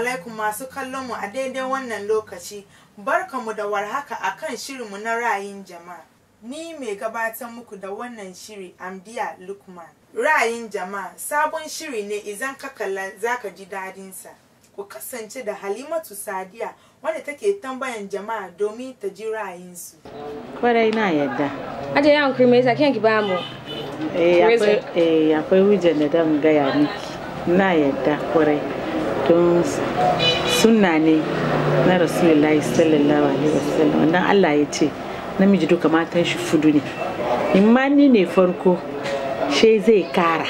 alaikum masu kallon mu a daidai wannan lokaci. Barkamu da warhaka akan shirinmu na ra'ayin jama'a. Ni mai gabatar muku da wannan shiri Amdiya Lukman. Ra'ayin jama'a sabon shiri ne idan ka kalla zaka ji dadinsa. Ku kasance da Halimatu Sadiya wanda take tambayan jama'a domin ta ji su. Kwarai na yadda. Aje yawan kirme yasa kiyan ki bamu. Eh akwai eh akwai hujjar da dan gaya miki. Na yadda kwarai. cikin sunna ne na rasulullahi sallallahu alaihi wasallam wannan allah ya ce namiji duka matan shi fudu ne in ma ni ne farko she zai kara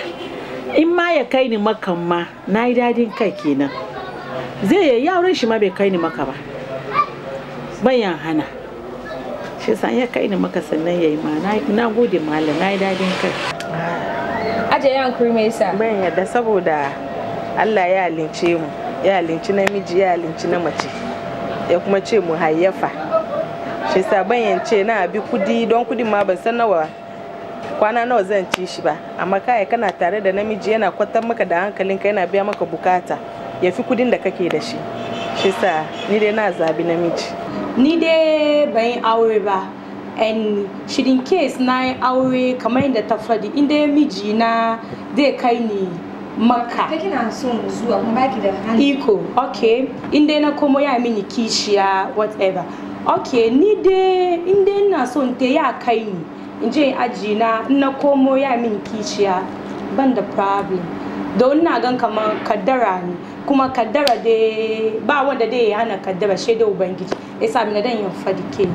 in ma ya kai ni maka ma na yi dadin kai kenan zai yi yawon shi ma bai kai ni maka ba bayan hana shi sa ya kai ni maka sannan ya yi ma na gode malam na yi dadin kai ajiye yan kurmesa bayan yadda saboda allah ya halince mu ya halinci namiji ya halinci na mace ya kuma ce mu hayyafa shi saban yance na bi kudi don kudin ma ban san nawa kwana nawa zan ci shi ba amma kai kana tare da namiji yana kwatar maka da hankalin ka yana biya maka bukata ya fi kudin da kake da shi shi sa ni dai na zabi namiji ni dai ban yi aure ba and shirin case na yi aure kamar yadda ta faɗi inda miji na zai kai ni makka ke kina son zuwa kuma baki da hali iko oke in dai na komo ya mini kishiya whatever oke ni dai in dai ina son te ya kai ni in je aji na na komo ya mini kishiya ban da problem don na gan kamar kaddara ne kuma kaddara dai ba wanda dai ya hana kaddara shi da ubangiji ya sami na dan yin fadi ke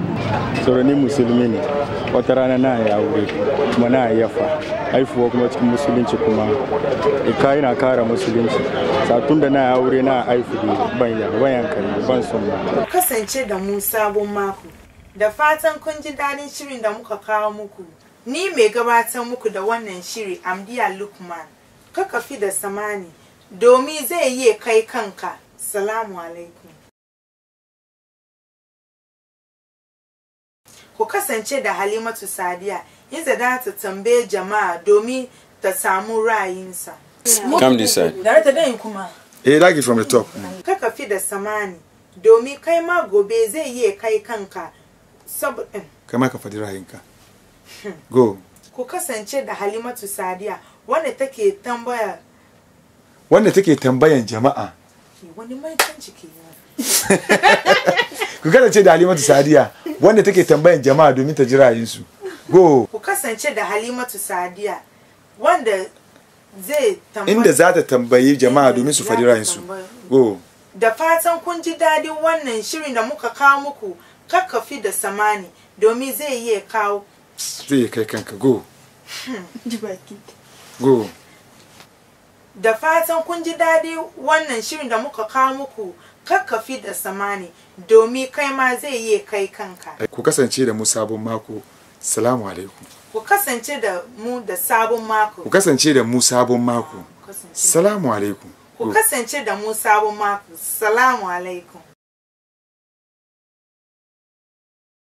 ni musulmi ne wata rana na ya aure kuma na yafa haifuwa kuma cikin musulunci kuma ika yana kara musulunci satun da na aure na haifu ne ban ya ban yankari ban son ba kasance da mu sabon mako da fatan kun ji daɗin shirin da muka kawo muku ni mai gabatar muku da wannan shiri amdiya lukman ka kafi da samani domin zai yi kai kanka salamu alaikum ku kasance da halimatu sadiya in za ta tambaye jama'a domin ta samu ra'ayinsa come this side kuma eh like from the top ka kafi da samani domin kai ma gobe zai yi kai kanka kama ka faɗi ra'ayinka hmm. go ku kasance da halimatu sadiya wanda take tambaya wanda take tambayan jama'a wani maitanci ke ku kasance da halimatu sadiya wanda take tambayan jama'a domin ta ji ra'ayinsu go ku kasance da halimatu sadiya wanda zai tambaya inda za ta tambayi jama'a domin su faɗi ra'ayinsu go da fatan kun ji daɗin wannan shirin da muka kawo muku kakkafi da samani domin zai iya kawo zai kai kanka go hmm. ji Go. Da fatan kun ji daɗi wannan shirin da muka kawo muku kakkafi da samani domin kai ma zai iya kai kanka. Ku kasance da mu sabon mako. Salamu alaikum. Ku kasance da mu da sabon mako. Ku kasance da mu sabon mako. Salamu alaikum. Ku kasance da mu sabon mako. Salamu alaikum.